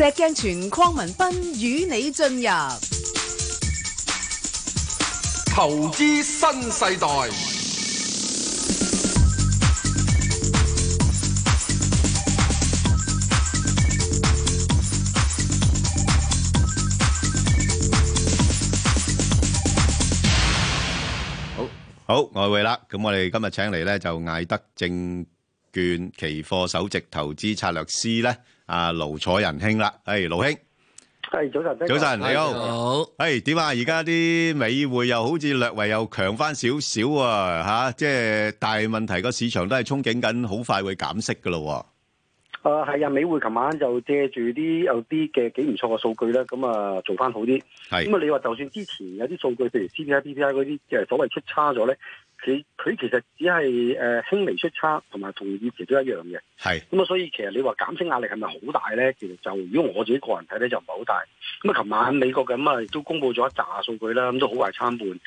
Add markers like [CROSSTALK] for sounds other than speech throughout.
石鏡泉鄺文斌與你進入投資新世代。好好，外匯啦，咁我哋今日請嚟咧就艾德證券期貨首席投資策略師咧。啊，盧楚仁兄啦，係、哎、盧兄，係早晨，早晨你好，早上 hey，啊、好，係點啊？而家啲美匯又好似略為又強翻少少啊，吓，即係大問題個市場都係憧憬緊，好快會減息噶咯、啊。誒、啊，係啊，美匯琴晚就借住啲有啲嘅幾唔錯嘅數據咧，咁啊做翻好啲。咁啊，你話就算之前有啲數據，譬如 CPI、PPI 嗰啲，即係所謂出差咗咧。佢其實只係誒、呃、輕微出差，同埋同以前都一樣嘅。係咁啊，所以其實你話減息壓力係咪好大咧？其實就如果我自己個人睇咧，就唔係好大。咁、嗯、啊，琴晚美國咁啊、嗯、都公布咗一紮數據啦，咁、嗯、都好壞參半。咁、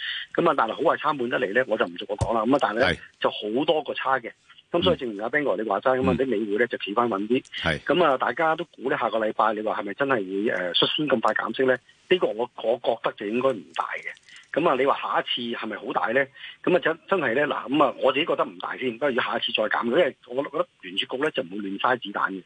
嗯、啊，但係好壞參半一嚟咧，我就唔逐個講啦。咁、嗯、啊，但係咧就好多個差嘅。咁、嗯嗯、所以正如阿 b 哥你話齋咁啊，啲美匯咧就企翻穩啲。係咁啊，大家都估咧下個禮拜你話係咪真係會誒率先咁快減息咧？呢、這個我我覺得就應該唔大嘅。咁啊，你話下一次係咪好大咧？咁啊，真真係咧嗱，咁啊，我自己覺得唔大先。不過，要下一次再減，因為我覺得聯儲局咧就唔會亂嘥子彈嘅。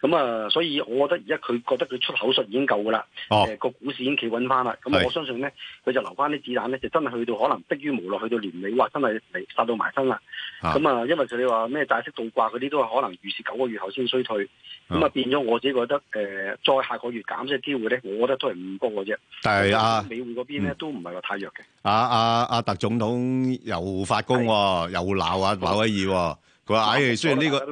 咁、嗯、啊，所以我覺得而家佢覺得佢出口術已經夠噶啦，個、哦、個、呃、股市已經企穩翻啦。咁我相信咧，佢就留翻啲子彈咧，就真係去到可能逼於無奈，去到年尾哇真係嚟殺到埋身啦。咁啊、嗯，因為佢哋話咩債息倒掛嗰啲都係可能預示九個月後先衰退。咁啊，變咗我自己覺得誒、呃，再下個月減息機會咧，我覺得都係唔高嘅啫。但係啊，美匯嗰邊咧、嗯、都唔係話太弱嘅。啊，阿、啊、阿、啊、特總統又發功喎、啊，又鬧啊鮑威爾喎。唉，雖然呢個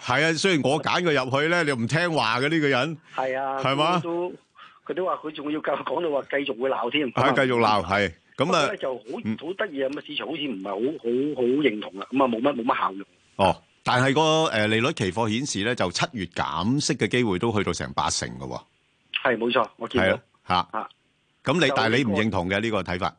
係啊，雖然我揀佢入去咧，你又唔聽話嘅呢個人，係啊，係嘛，都佢都話佢仲要繼續講到話繼續會鬧添，係繼續鬧，係咁啊，就好好得意啊。咁啊市場好似唔係好好好認同啊，咁啊冇乜冇乜效用。哦，但係個誒利率期貨顯示咧，就七月減息嘅機會都去到成八成嘅。係冇錯，我係啊吓，咁你但係你唔認同嘅呢個睇法？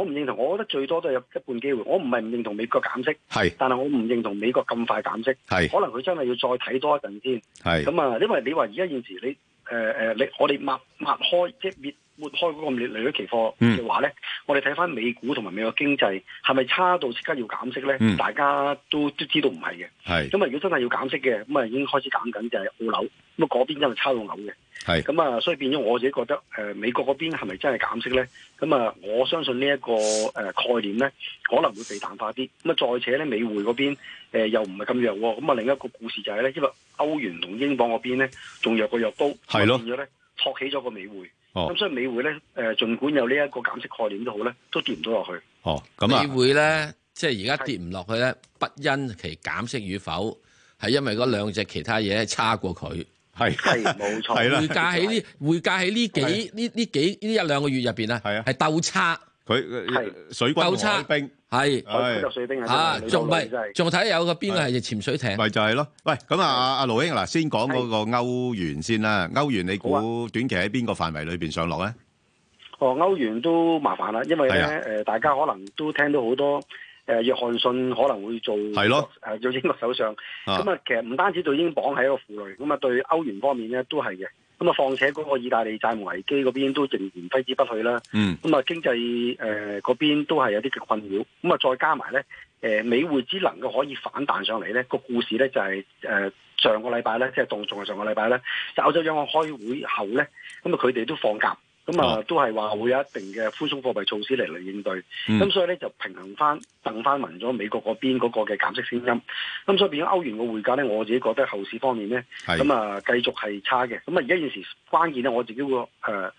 我唔認同，我覺得最多都有一半機會。我唔係唔認同美國減息，係，但係我唔認同美國咁快減息，係。可能佢真係要再睇多一陣先，係。咁啊，因為你話而家現時你，誒、呃、誒，你我哋抹抹開，即係。撥開嗰個利率期貨嘅話咧、嗯，我哋睇翻美股同埋美國經濟係咪差到即刻要減息咧、嗯？大家都都知道唔係嘅。咁啊，如果真係要減息嘅，咁啊已經開始減緊就係澳紐。咁啊嗰邊真係差到嘔嘅。咁啊，所以變咗我自己覺得誒、呃、美國嗰邊係咪真係減息咧？咁啊，我相信呢一個誒概念咧可能會被淡化啲。咁啊，再且咧美匯嗰邊、呃、又唔係咁弱喎。咁啊，另一個故事就係、是、咧，因為歐元同英鎊嗰邊咧仲弱過弱多，變咗咧托起咗個美匯。咁、哦、所以美匯咧，誒，儘管有呢一個減息概念都好咧，都跌唔到落去。哦，咁啊，美匯咧，即係而家跌唔落去咧，不因其減息與否，係因為嗰兩隻其他嘢差過佢。係，係冇錯。匯價喺呢匯價喺呢幾呢呢幾呢一兩個月入面，啊，係鬥差。佢水軍水兵係，啊仲唔係？仲睇有個邊個係潛水艇？咪就係咯。喂，咁啊，阿盧兄嗱，先講嗰個歐元先啦。歐元你估短期喺邊個範圍裏邊上落咧？哦，歐元都麻煩啦，因為咧誒，大家可能都聽到好多誒，約翰遜可能會做係咯誒，做英國首相咁啊。其實唔單止對英鎊係一個負累，咁啊對歐元方面咧都係嘅。咁啊，況且嗰個意大利債務危機嗰邊都仍然揮之不去啦。咁、嗯、啊，經濟嗰、呃、邊都係有啲嘅困擾。咁啊，再加埋咧、呃，美匯只能夠可以反彈上嚟咧，個故事咧就係、是、誒、呃、上個禮拜咧，即係當仲係上個禮拜咧，就歐、是、洲央行開會後咧，咁啊佢哋都放鴿。咁、哦、啊，都係話會有一定嘅寬鬆貨幣措施嚟嚟應對，咁、嗯嗯、所以咧就平衡翻，等翻匀咗美國嗰邊嗰個嘅減息聲音，咁所以變咗歐元嘅匯價咧，我自己覺得後市方面咧，咁啊繼續係差嘅，咁啊而家現時關鍵咧，我自己會誒誒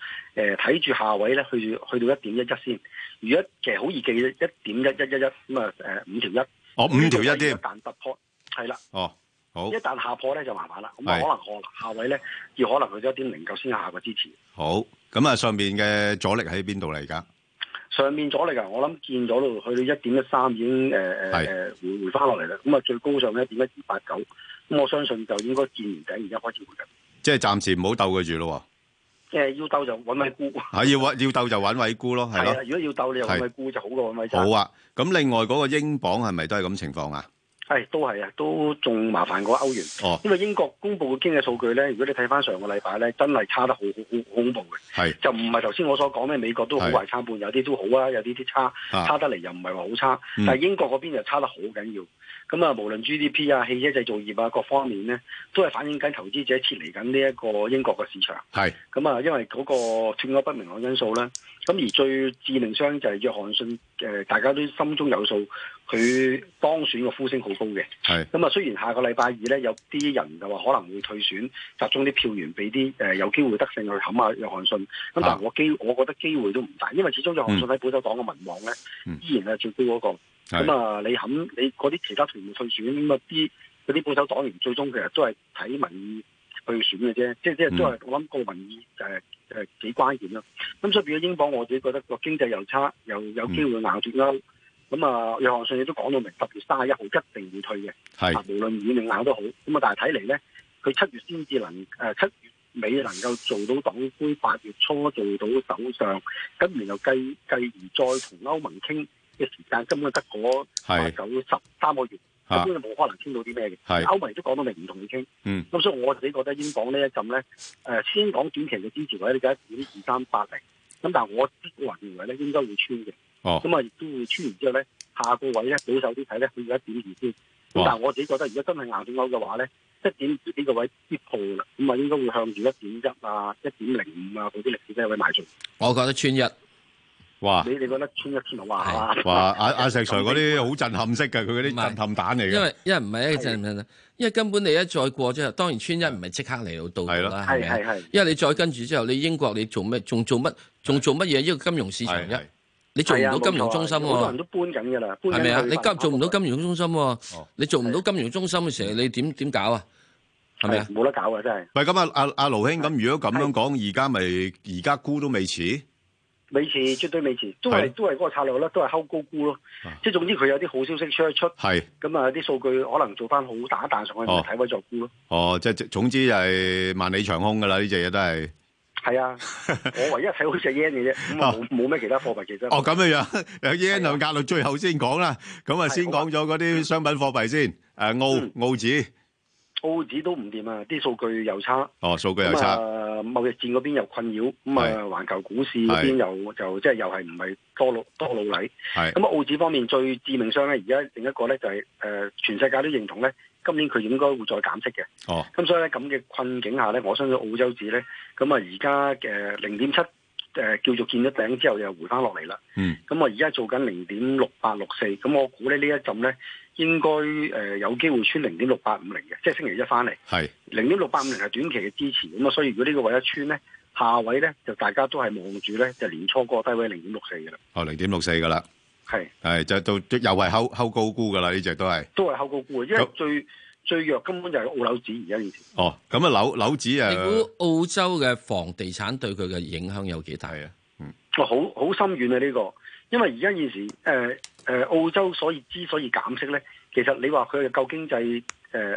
睇住下位咧去去到一點一一先，如果其實好易記5、哦、5一點一一一一，咁啊誒五條一，哦五條一，一旦突破，係啦，哦好，一旦下破咧就麻煩啦，咁可能下位咧要可能去到一點零九先下個支持，好。咁啊，上面嘅阻力喺邊度嚟？而家上面阻力啊，我諗見咗咯，去到一點一三已經誒誒、呃、回回翻落嚟啦。咁啊，最高上一點一八九，咁我相信就應該見完頂而家開始回緊。即係暫時唔好鬥佢住咯。即係要鬥就搵位沽。要、呃、搵，要鬥就搵位沽 [LAUGHS] 咯，係 [LAUGHS] 咯、啊。如果要鬥你又搵位沽就好過，搵位。好啊，咁另外嗰個英鎊係咪都係咁情況啊？係、哎，都係啊，都仲麻煩過歐元。哦，因為英國公布嘅經濟數據咧，如果你睇翻上個禮拜咧，真係差得好好恐怖嘅。就唔係頭先我所講咩，美國都好壞參半，有啲都好啊，有啲啲差，差得嚟又唔係話好差。啊、但英國嗰邊就差得好緊要。咁、嗯、啊，無論 GDP 啊、汽車製造業啊各方面咧，都係反映緊投資者撤離緊呢一個英國嘅市場。咁啊，因為嗰個斷咗不明朗因素咧。咁而最致命傷就係約翰遜，大家都心中有數。佢當選嘅呼聲好高嘅，係咁啊！雖然下個禮拜二咧有啲人就話可能會退選，集中啲票源俾啲誒有機會得勝去冚下約翰遜，咁但係我機、啊，我覺得機會都唔大，因為始終約翰遜喺保守黨嘅民望咧、嗯、依然係最高嗰、那個。咁啊、嗯，你冚你嗰啲其他團員退選咁啊，啲嗰啲保守黨員最終其實都係睇民意去選嘅啫，即係即係都係、嗯、我諗個民意誒誒、呃呃呃、幾關鍵咯、啊。咁、嗯、所以變咗英鎊，我自己覺得個經濟又差，又有機會硬斷啦。嗯咁、嗯、啊，約翰遜亦都講到明，十月三十一號一定會退嘅，嚇、啊，無論軟定硬都好。咁、嗯、啊，但係睇嚟咧，佢七月先至能誒七、呃、月尾能夠做到黨魁，八月初做到首相，咁然後繼繼而再同歐盟傾嘅時間根本得嗰九十三個月、啊，根本就冇可能傾到啲咩嘅。歐盟都講到明，唔同佢傾。咁、嗯、所以我自己覺得英港，英鎊呢一陣咧，誒先講短期嘅支持位，你而家點二三八零。咁、嗯、但係我個人認為咧，應該會穿嘅。哦，咁啊，亦都會穿完之後咧，下個位咧，保守啲睇咧，佢而家一點二先。咁但係我自己覺得，如果真係硬整樓嘅話咧，一點二呢個位跌破啦。咁啊，應該會向住一點一啊、一點零五啊嗰啲歷史低位邁進。我覺得穿一、啊，哇！你你覺得穿一千萬哇？哇！阿、啊、阿石 Sir 嗰啲好震撼式嘅，佢嗰啲震撼彈嚟。因為因為唔係一個震撼，因為根本你一再過之後，當然穿一唔係即刻嚟到到嘅啦。係係係。因為你再跟住之後，你英國你做咩？仲做乜？仲做乜嘢？呢個金融市場一。你做唔到金融中心喎、啊啊？好、啊、多人都搬緊嘅啦，係咪啊？你今做唔到金融中心喎、啊哦？你做唔到金融中心嘅時候，你點點、啊、搞啊？係咪啊？冇得搞、嗯、啊！真係。唔咁啊，阿阿盧兄，咁如果咁樣講，而家咪而家估都未遲，未遲，絕對未遲，都係都係嗰個策略咯，都係偷高估咯。即係總之佢有啲好消息出一出，係咁啊！啲數據可能做翻好打一彈上去，就、哦、睇位作估咯、哦。哦，即係總之就係萬里長空噶啦，呢隻嘢都係。係啊， [LAUGHS] 我唯一睇好隻 yen 嘅啫，冇冇咩其他貨幣、哦、其實。哦，咁嘅樣有，yen 就壓、啊、到最後先講啦。咁啊，先講咗嗰啲商品貨幣先。誒澳澳紙、嗯，澳紙都唔掂啊！啲數據又差。哦，數據又差。貿易戰嗰邊又困擾，咁啊，環球股市嗰邊又就即係又係唔係多老多老利？咁啊，澳紙方面最致命傷咧，而家另一個咧就係、是、誒、呃、全世界都認同咧。今年佢應該會再減息嘅，咁、哦嗯、所以咧咁嘅困境下咧，我相信澳洲紙咧，咁啊而家嘅零點七誒叫做見咗頂之後又回翻落嚟啦，咁啊而家做緊零點六八六四，咁我估呢呢一陣咧應該誒有機會穿零點六八五零嘅，即係星期一翻嚟，零點六八五零係短期嘅支持，咁啊所以如果呢個位一穿咧，下位咧就大家都係望住咧就年初嗰個低位零點六四嘅啦，哦零點六四嘅啦。係係就，就，就，就，就又係後高估噶啦呢隻都係，都係後高估嘅，因為最最弱根本就係澳樓紙而家現時。哦，咁啊樓樓紙啊。你估澳洲嘅房地產對佢嘅影響有幾大啊？嗯，哦、好好深遠啊呢、呢個，因為而家現時誒誒澳洲所以之所以減息咧，其實你話佢救經濟誒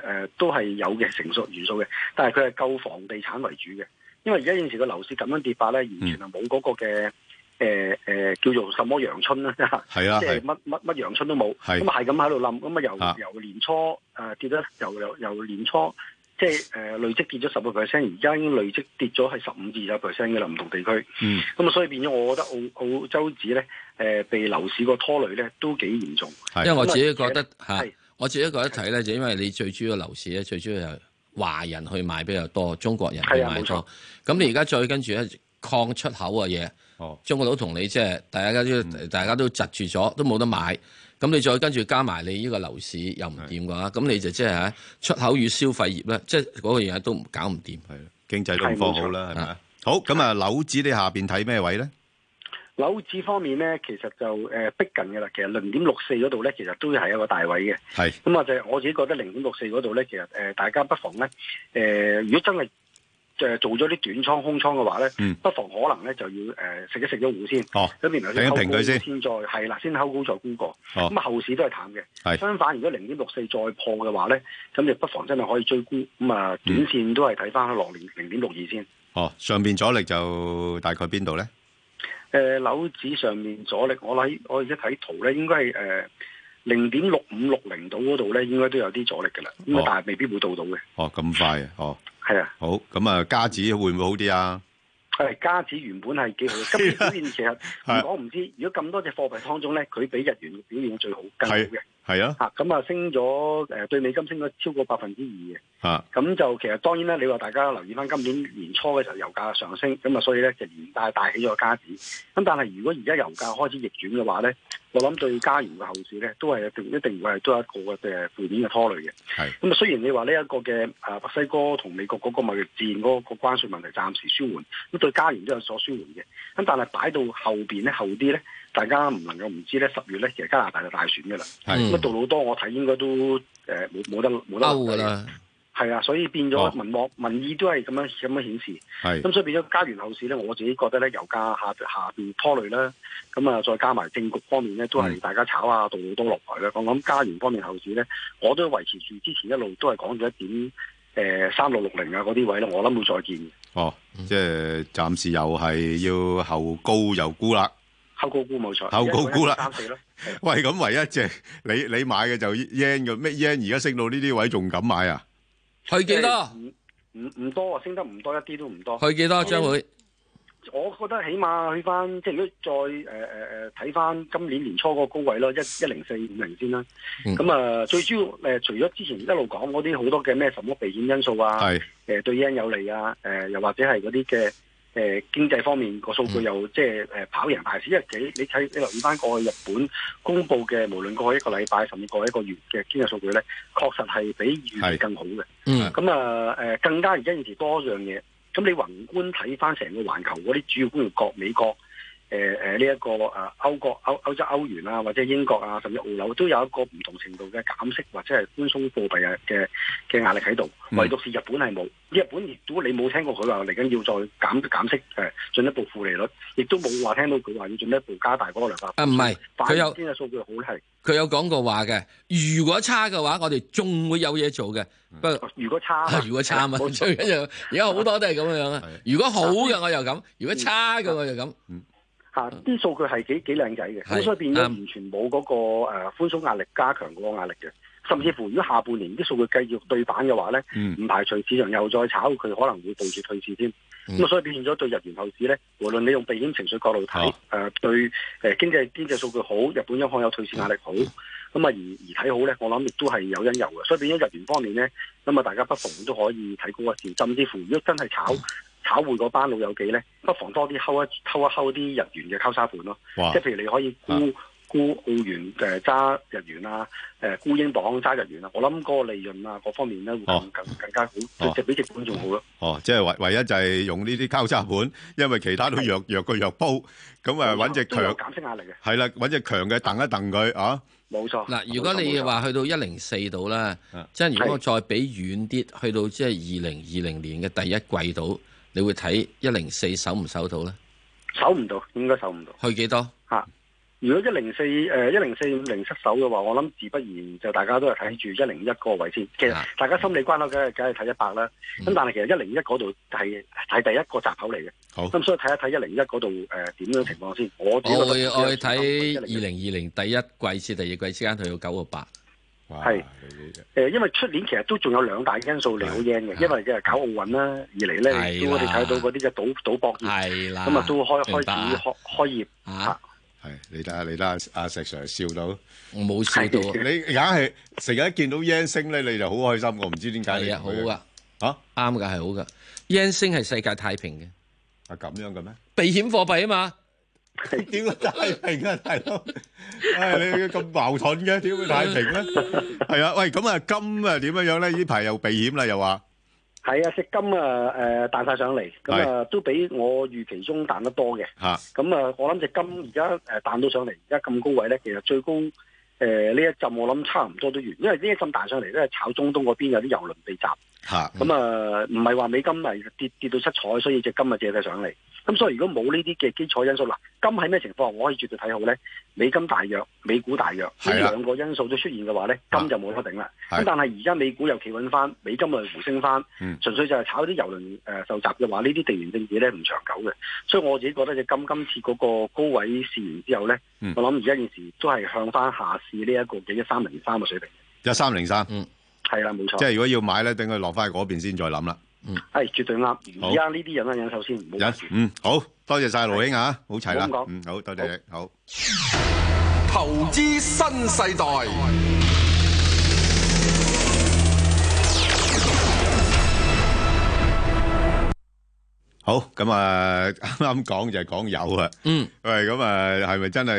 誒都係有嘅成熟元素嘅，但係佢係救房地產為主嘅，因為而家現時個樓市咁樣跌法咧，完全係冇嗰個嘅。嗯誒、呃、誒，叫做什麼陽春啦？係啊，即係乜乜乜陽春都冇咁，係咁喺度諗咁啊。由由年初誒、呃、跌咗，由由由年初即係誒累積跌咗十個 percent，而家已經累積跌咗係十五至二十 percent 嘅啦。唔同地區咁啊，所以變咗，我覺得澳澳洲紙咧誒，被樓市個拖累咧都幾嚴重，啊。因為我自己覺得吓、啊啊，我自己覺得睇咧、啊、就是、因為你最主要樓市咧，最主要係華人去買比較多，中國人去買多咁。啊、那你而家再跟住咧礦出口嘅嘢。中國佬同你即係大家，都大家都窒住咗，都冇得買。咁你再跟住加埋你呢個樓市又唔掂嘅話，咁你就即係吓出口與消費業咧，即係嗰個嘢，都唔搞唔掂，係啦，經濟狀況好啦，係嘛。好，咁啊，樓市你下邊睇咩位咧？樓市方面咧，其實就誒逼近噶啦。其實零點六四嗰度咧，其實都係一個大位嘅。係咁啊，就係我自己覺得零點六四嗰度咧，其實誒大家不妨咧，誒、呃、如果真係。就係做咗啲短倉、空倉嘅話咧，不妨可能咧就要誒食、呃、一食咗糊先。哦，咁然後先收高停一停佢先，先再係啦，先收高再沽過。咁、哦、啊，後市都係淡嘅。係相反，如果零點六四再破嘅話咧，咁就不妨真係可以追沽。咁啊，短線都係睇翻落零零點六二先。哦，上面阻力就大概邊度咧？誒樓指上面阻力，我喺我而家睇圖咧，應該係誒。呃零點六五六零度嗰度咧，應該都有啲阻力嘅啦。咁啊、哦，但係未必會到到嘅。哦，咁快啊！哦，係啊。好，咁啊，加紙會唔會好啲啊？係，加紙原本係幾好， [LAUGHS] 今日表現其實唔講唔知。如果咁多隻貨幣當中咧，佢比日元嘅表現最好，更好嘅。係啊，吓咁啊升咗，誒對美金升咗超過百分之二嘅，咁、啊、就其實當然呢，你話大家留意返今年年初嘅時候油價上升，咁啊所以咧就連帶帶起咗個加子。咁但係如果而家油價開始逆轉嘅話咧，我諗對加元嘅後市咧都係一定一定會係都有一個嘅負面嘅拖累嘅。係，咁啊雖然你話呢一個嘅誒墨西哥同美國嗰個貿易戰嗰個關稅問題暫時舒緩，咁對加元都有所舒緩嘅，咁但係擺到後邊咧後啲咧。大家唔能夠唔知咧，十月咧其實加拿大就大選嘅啦，咁啊、嗯、杜魯多我睇應該都誒冇冇得冇得估啦，係啊，所以變咗民望民意都係咁樣咁樣顯示，咁、嗯、所以變咗加元後市咧，我自己覺得咧油價下下邊拖累啦，咁啊再加埋政局方面咧都係大家炒下杜魯多落台咧，我諗加元方面後市咧我都維持住之前一路都係講咗一點誒三六六零啊嗰啲位咧，我諗會再見哦，即係暫時又係要後高又沽啦。收高估冇錯，收高估啦。三四咯。喂，咁唯一隻你你買嘅就 yen 嘅，咩 yen 而家升到呢啲位，仲敢買啊？去幾多？唔唔唔多啊，升得唔多，一啲都唔多。去幾多張會？我覺得起碼去翻，即係如果再誒誒誒睇翻今年年初嗰個高位咯，一一零四五零先啦。咁啊，最主要誒除咗之前一路講嗰啲好多嘅咩什麼避險因素啊，係誒對 yen 有利啊，誒又或者係嗰啲嘅。誒、呃、經濟方面個數據又即係、呃、跑贏大市，因為你睇你留意翻過去日本公布嘅，無論過去一個禮拜甚至過去一個月嘅經濟數據咧，確實係比預期更好嘅。嗯，咁啊、呃、更加而家現時多一樣嘢，咁你宏觀睇翻成個環球嗰啲主要工業國美國。誒、呃、誒，呢、這、一個誒，歐、啊、國歐歐洲歐元啊，或者英國啊，甚至澳洲都有一個唔同程度嘅減息或者係寬鬆貨幣嘅嘅嘅壓力喺度。唯獨是日本係冇，日本如果你冇聽過佢話嚟緊要再減減息誒，進、啊、一步負利率，亦都冇話聽到佢話要進一步加大量化。零。啊唔係，佢有邊個數據好咧？係佢有講過話嘅，如果差嘅話，我哋仲會有嘢做嘅。不過如果差如果差啊嘛，而家好多都係咁樣啊。如果， [LAUGHS] [LAUGHS] 如果好嘅我又咁，如果差嘅我就咁。嗯嗯吓、啊！啲數據係幾幾靚仔嘅，咁所以變咗完全冇嗰個誒寬鬆壓力，加強嗰個壓力嘅。甚至乎如果下半年啲數據繼續對板嘅話咧，唔、嗯、排除市場又再炒佢可能會報住退市添。咁、嗯、啊，所以變咗對日元後市咧，無論你用避險情緒角度睇，誒、呃、對誒經濟經濟數據好，日本央行有退市壓力好，咁、嗯、啊而而睇好咧，我諗亦都係有因由嘅。所以變咗日元方面咧，咁啊大家不妨都可以睇高個市，甚至乎如果真係炒。嗯炒匯嗰班老友記咧，不妨多啲摳一偷一摳啲日元嘅交叉盤咯、啊。即係譬如你可以沽沽澳元誒揸日元啊，誒沽、呃、英鎊揸日元啊。我諗嗰個利潤啊，各方面咧會更更，更加好，即、啊、比直盤仲好咯。哦、啊啊嗯啊，即係唯唯一就係用呢啲交叉盤，因為其他都弱弱過弱煲，咁啊揾隻強嘅嘅，揼一揼佢啊。冇錯。嗱、啊，如果你話去到一零四度咧，即、啊、係、嗯就是、如果我再畀遠啲，去到即係二零二零年嘅第一季度。你會睇一零四守唔守到咧？守唔到，應該守唔到。去幾多吓、啊？如果一零四誒一零四五零失守嘅話，我諗自不然就大家都係睇住一零一個位先。其實大家心理關口梗係梗係睇一百啦。咁、啊、但係其實一零一嗰度係係第一個閘口嚟嘅。好。咁、啊、所以睇一睇一零一嗰度誒點樣情況先。我我去睇二零二零第一季至第二季之間去到九個八。係，誒，因為出年其實都仲有兩大因素利好 yen 嘅，因為即係搞奧運啦，二嚟咧，我哋睇到嗰啲嘅賭賭博業，咁啊都開開始開開業吓。係，你睇下啊，你睇下啊，阿石 Sir 笑到，我冇笑到啊，你硬係成日見到 yen 升咧，你就好開心嘅，我唔知點解你？係啊，好噶，吓，啱噶，係好噶，yen 升係世界太平嘅。啊，咁樣嘅咩？避險貨幣啊嘛。點解太平嘅、啊、大佬？係、哎、你咁矛盾嘅，點會太平咧？係 [LAUGHS] 啊，喂，咁啊金啊點樣樣咧？呢排又避險啦，又話係啊，食金啊，誒、呃，彈晒上嚟，咁、嗯、啊都比我預期中彈得多嘅吓。咁啊，嗯、我諗隻金而家誒彈到上嚟，而家咁高位咧，其實最高誒呢、呃、一浸我諗差唔多都完，因為呢一浸彈上嚟咧，係炒中東嗰邊有啲油輪被襲。吓咁啊，唔係話美金係跌跌到七彩，所以隻金咪借嘅上嚟。咁所以如果冇呢啲嘅基礎因素啦，金喺咩情況我可以絕對睇好咧？美金大弱，美股大弱，呢兩個因素都出現嘅話咧，金就冇得頂啦。咁、啊、但係而家美股又企穩翻，美金又回升翻。純、嗯、粹就係炒啲油輪誒受襲嘅話，緣呢啲地緣政治咧唔長久嘅。所以我自己覺得隻金今次嗰個高位試完之後咧、嗯，我諗而家件事都係向翻下試呢一個嘅一三零三嘅水平。一三零三。係啦，冇錯。即係如果要買咧，等佢落翻去嗰邊先再諗啦。嗯，係絕對啱。而家呢啲人咧，首先唔忍。嗯，好多謝晒盧兄啊，好齊啦。嗯，好，多謝，好，嗯，好，多謝，謝你，好，好，好。投資新世代。好，咁啊，啱啱講就係講油啊，嗯，喂，咁啊，係咪真係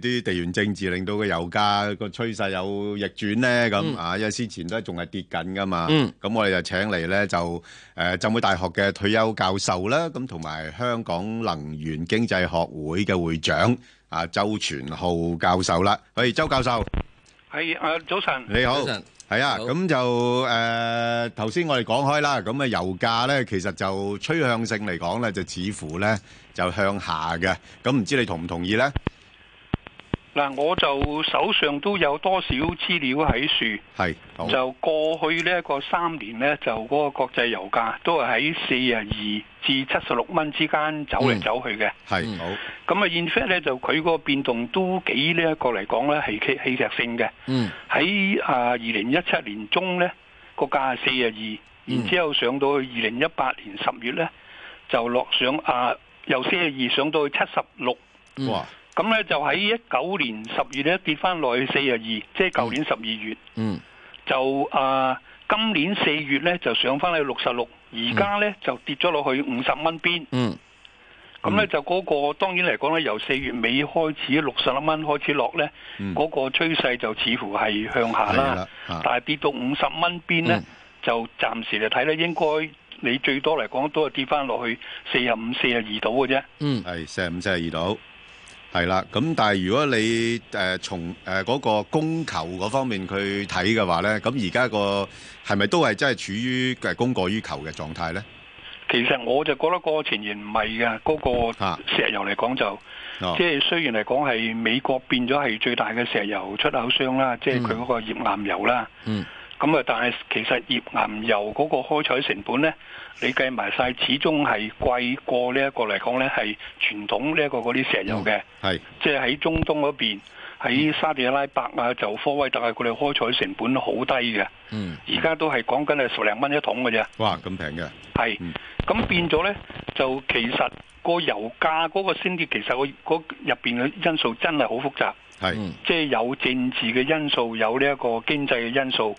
啲地緣政治令到個油價個趨勢有逆轉咧？咁啊，因為之前都係仲係跌緊噶嘛，嗯，咁我哋就請嚟咧就誒浸會大學嘅退休教授啦，咁同埋香港能源經濟學會嘅會長啊周全浩教授啦，喂，周教授，係誒早晨，你好。早晨。係啊，咁就誒頭先我哋講開啦，咁啊油價咧其實就趨向性嚟講咧，就似乎咧就向下嘅，咁唔知你同唔同意咧？嗱，我就手上都有多少資料喺樹，係就過去呢一個三年咧，就嗰個國際油價都係喺四啊二至七十六蚊之間走嚟走去嘅，係好咁啊！現出咧就佢個變動都幾呢一個嚟講咧係戲劇性嘅，喺啊二零一七年中咧個價係四啊二，然之後上到去二零一八年十月咧就落上啊、呃、由四十二上到去七十六。哇。咁咧就喺一九年十月咧跌翻落去四十二，即係舊年十二月。嗯，就啊、呃，今年四月咧就上翻去六十六，而家咧就跌咗落去五十蚊邊。嗯，咁咧就嗰、嗯那個當然嚟講咧，由四月尾開始六十蚊開始落咧，嗰、嗯那個趨勢就似乎係向下啦。係啦，但係跌到五十蚊邊咧，就暫時嚟睇咧，應該你最多嚟講都係跌翻落去四十五、四十二度嘅啫。嗯，係四十五、四十二度。係啦，咁但係如果你誒從誒嗰個供求嗰方面去睇嘅話咧，咁而家個係咪都係真係處於誒供過於求嘅狀態咧？其實我就覺得個前言唔係嘅，嗰、那個石油嚟講就即係、啊就是、雖然嚟講係美國變咗係最大嘅石油出口商啦，即係佢嗰個頁岩油啦。嗯咁啊！但係其實頁岩油嗰個開採成本咧，你計埋晒，始終係貴過呢一個嚟講咧，係傳統呢一個嗰啲石油嘅、嗯。係，即係喺中東嗰邊，喺沙地阿拉伯啊，就科威特啊，佢哋開採成本好低嘅。嗯，而家都係講緊係十零蚊一桶嘅啫。哇，咁平嘅。係，咁、嗯、變咗咧，就其實個油價嗰個升跌，其實個個入面嘅因素真係好複雜。係，即係有政治嘅因素，有呢一個經濟嘅因素。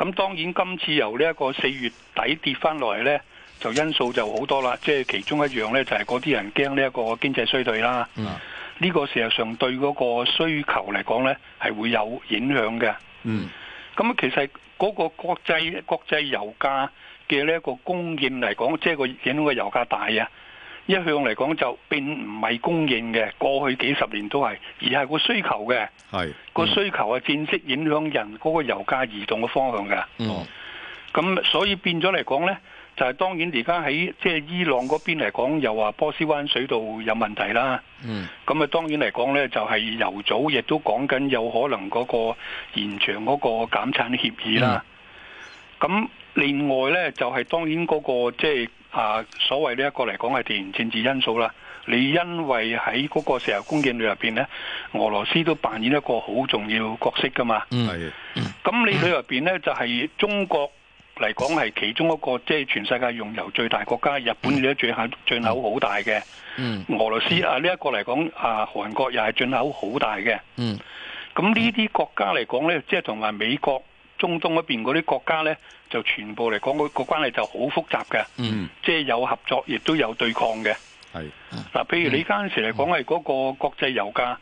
咁當然今次由呢一個四月底跌翻落嚟咧，就因素就好多啦。即係其中一樣咧，就係嗰啲人驚呢一個經濟衰退啦。呢、嗯呢個事實上對嗰個需求嚟講咧，係會有影響嘅。嗯，咁其實嗰個國際國際油價嘅呢一個供應嚟講，即係個影響個油價大啊。一向嚟講就並唔係供應嘅，過去幾十年都係，而係個需求嘅。係個、嗯、需求啊，正式影響人嗰個油價移動嘅方向嘅。哦、嗯，咁所以變咗嚟講呢，就係、是、當然而家喺即係伊朗嗰邊嚟講，又話波斯灣水道有問題啦。嗯，咁啊，當然嚟講呢，就係油組亦都講緊有可能嗰個延長嗰個減產協議啦。咁、嗯、另外呢，就係、是、當然嗰、嗰個即係。就是啊，所謂呢一個嚟講係地緣政治因素啦。你因為喺嗰個石油供應量入邊咧，俄羅斯都扮演一個好重要嘅角色噶嘛。嗯，係、嗯。咁你佢入邊咧就係、是、中國嚟講係其中一個，即、就、係、是、全世界用油最大國家。日本亦都進口進口好大嘅。嗯。俄羅斯、嗯、啊，呢、這、一個嚟講啊，韓國又係進口好大嘅。嗯。咁呢啲國家嚟講咧，即係同埋美國。中東嗰邊嗰啲國家呢，就全部嚟講個、個關係就好複雜嘅、嗯，即係有合作，亦都有對抗嘅。係嗱、嗯，譬如你嗰陣時嚟講係嗰個國際油價，嗯、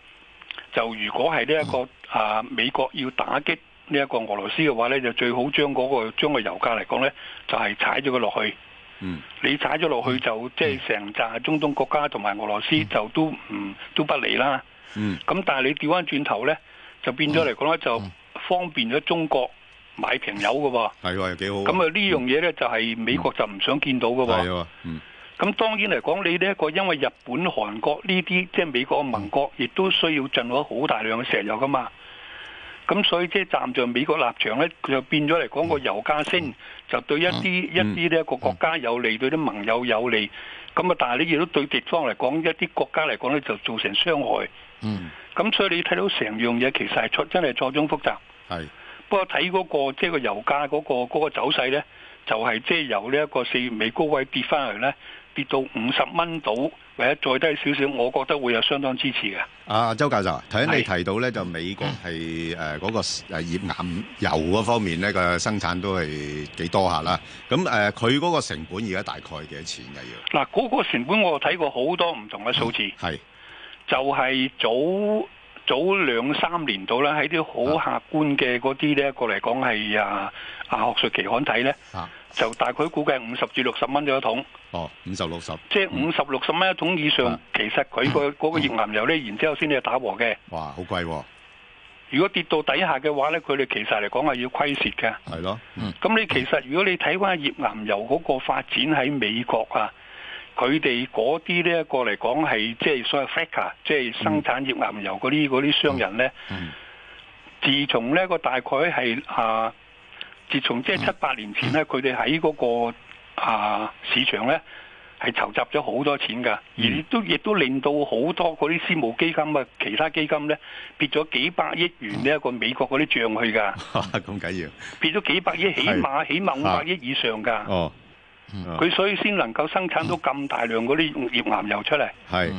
就如果係呢一個、嗯、啊美國要打擊呢一個俄羅斯嘅話呢就最好將嗰、個將油價嚟講呢就係、係、踩咗佢落去。嗯，你踩咗落去就即係成紮中東國家同埋俄羅斯就都唔、嗯嗯、都不利啦。嗯，咁、嗯嗯、但係你調翻轉頭呢，就變咗嚟講呢就方便咗中國。買平油嘅喎，係喎，又幾好。咁啊呢樣嘢咧、嗯、就係、是、美國就唔想見到嘅喎。咁、嗯、當然嚟講，你呢一個因為日本、韓國呢啲即係美國嘅盟國，亦都需要進口好大量嘅石油噶嘛。咁所以即係站在美國立場咧，就變咗嚟講個油價升、嗯、就對一啲、嗯、一啲呢一個國家有利，嗯、對啲盟友有利。咁啊，但係你亦都對敵方嚟講，一啲國家嚟講咧就造成傷害。嗯。咁所以你睇到成樣嘢，其實係真係錯綜複雜。係。不過睇嗰、嗰個即係、就係嗰個油價嗰個嗰個走勢咧，就係即係由呢一個四月尾高位跌翻嚟咧，跌到五十蚊到，或者再低少少，我覺得會有相當支持嘅。啊，周教授，頭先你提到咧，就美國係誒嗰個誒頁岩油嗰方面咧嘅生產都係幾多下啦。咁誒，佢、呃、嗰個成本而家大概幾多錢嘅要？嗱，嗰個成本我睇過好多唔同嘅數字，係、嗯、就係、係、早。早兩三年到咧，喺啲好客觀嘅嗰啲呢過嚟講係啊啊學術期刊睇呢、啊，就大概估計五十至六十蚊咗一桶。哦，五十六十，即係五十六十蚊一桶以上，啊、其實佢個嗰個頁岩油呢、啊，然之後先至打和嘅。哇，好貴、哦！如果跌到底下嘅話呢，佢哋其實嚟講係要虧蝕嘅。係咯，咁、嗯、你其實、嗯、如果你睇翻頁岩油嗰個發展喺美國啊？佢哋嗰啲咧，過嚟講係即係所謂 factor 即係生產業原油嗰啲啲商人呢。嗯嗯、自從呢個大概係啊、呃，自從即係七八年前呢，佢哋喺嗰個啊、呃、市場呢，係籌集咗好多錢噶、嗯，而都亦都令到好多嗰啲私募基金啊、其他基金呢，跌咗幾百億元呢一個美國嗰啲賬去噶。咁緊要？跌咗幾百億，起碼起碼五百億以上噶、啊。哦。佢、嗯、所以先能夠生產到咁大量嗰啲頁岩油出嚟，係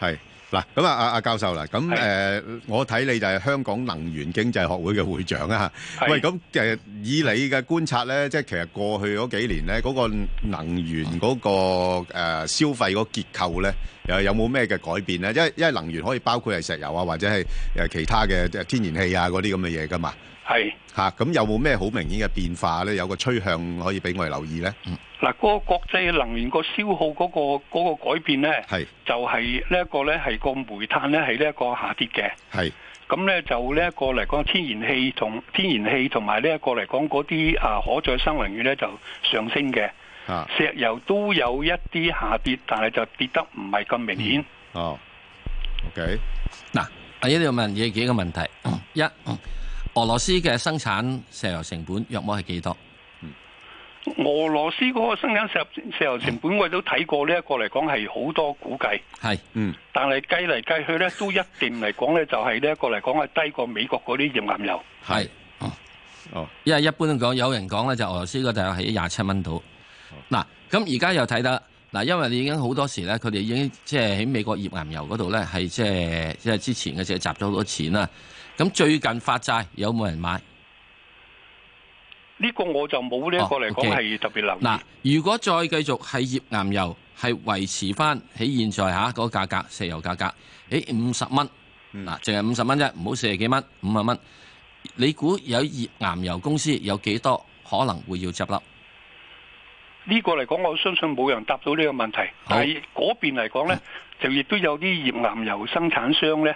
係嗱咁啊阿阿、啊、教授啦，咁誒、呃、我睇你就係香港能源經濟學會嘅會長啊，喂咁誒、呃、以你嘅觀察咧，即係其實過去嗰幾年咧，嗰、那個能源嗰、那個誒、呃、消費嗰結構咧，又有冇咩嘅改變咧？因為因為能源可以包括係石油啊，或者係誒其他嘅天然氣啊嗰啲咁嘅嘢㗎嘛。係吓，咁有冇咩好明顯嘅變化咧？有個趨向可以俾我哋留意咧？嗱、嗯，嗰個國際能源個消耗嗰、嗰個、嗰個改變咧，係就係、係、呢一個咧，係個煤炭咧係呢一個下跌嘅，係咁咧就呢一個嚟講，天然氣同天然氣同埋呢一個嚟講嗰啲啊可再生能源咧就上升嘅，啊，石油都有一啲下跌，但係就跌得唔係咁明顯、嗯、哦。OK，嗱、啊，我依度問嘢，幾個問題 [COUGHS] 一。 [COUGHS] 俄羅斯嘅生產石油成本約摸係幾多？嗯，俄羅斯嗰個生產石油石油成本，我哋都睇過呢一個嚟講係好多估計，係嗯，嗯，但係計嚟計去咧，都一定嚟講咧，就係呢一個嚟講係低過美國嗰啲頁岩油，係哦哦，因為一般講，有人講咧就俄羅斯個就係廿七蚊度。嗱、哦，咁而家又睇得嗱，因為你已經好多時咧，佢哋已經即係喺美國頁岩油嗰度咧，係即係即係之前嘅就集咗好多錢啦。咁最近發債有冇人買？呢、這個我就冇呢一個嚟講係特別留意。嗱，如果再繼續係頁岩油係維持翻喺現在嚇嗰個價格，石油價格，誒五十蚊，嗱淨係五十蚊啫，唔好四十幾蚊，五啊蚊，你估有頁岩油公司有幾多可能會要執笠？呢、個嚟講，我相信冇人答到呢個問題。係嗰邊嚟講呢，就亦都有啲頁岩油生產商呢，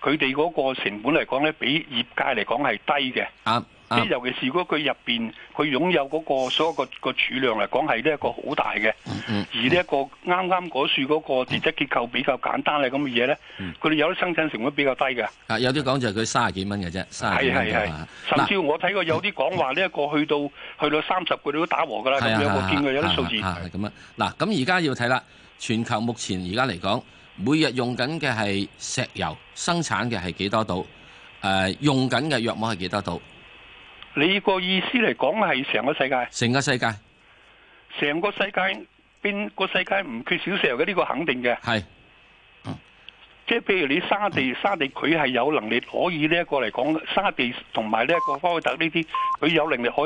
佢哋嗰個成本嚟講呢，比業界嚟講係低嘅。嗯即、啊、係，尤其是如果佢入邊佢擁有嗰個所有個個儲量嚟講，係呢一個好大嘅、嗯嗯。而呢一個啱啱嗰樹嗰個地質結構比較簡單嘅咁嘅嘢咧，佢、嗯、哋有啲生產成本比較低嘅。啊，有啲講就係佢三十幾蚊嘅啫，三廿甚至我睇過有啲講話，呢一個去到、啊、去到三十個都打和噶啦。係啊係啊，係有啲數字係咁樣嗱。咁而家要睇啦，全球目前而家嚟講，每日用緊嘅係石油生產嘅係幾多度？誒、呃，用緊嘅藥膜係幾多度？你個意思嚟講係成個世界，成個世界，成個世界邊個世界唔缺少石油嘅？呢個肯定嘅。係，即係譬如你沙地，沙地佢係有能力可以呢一個嚟講，沙地同埋呢一個科威特呢啲，佢有能力可以。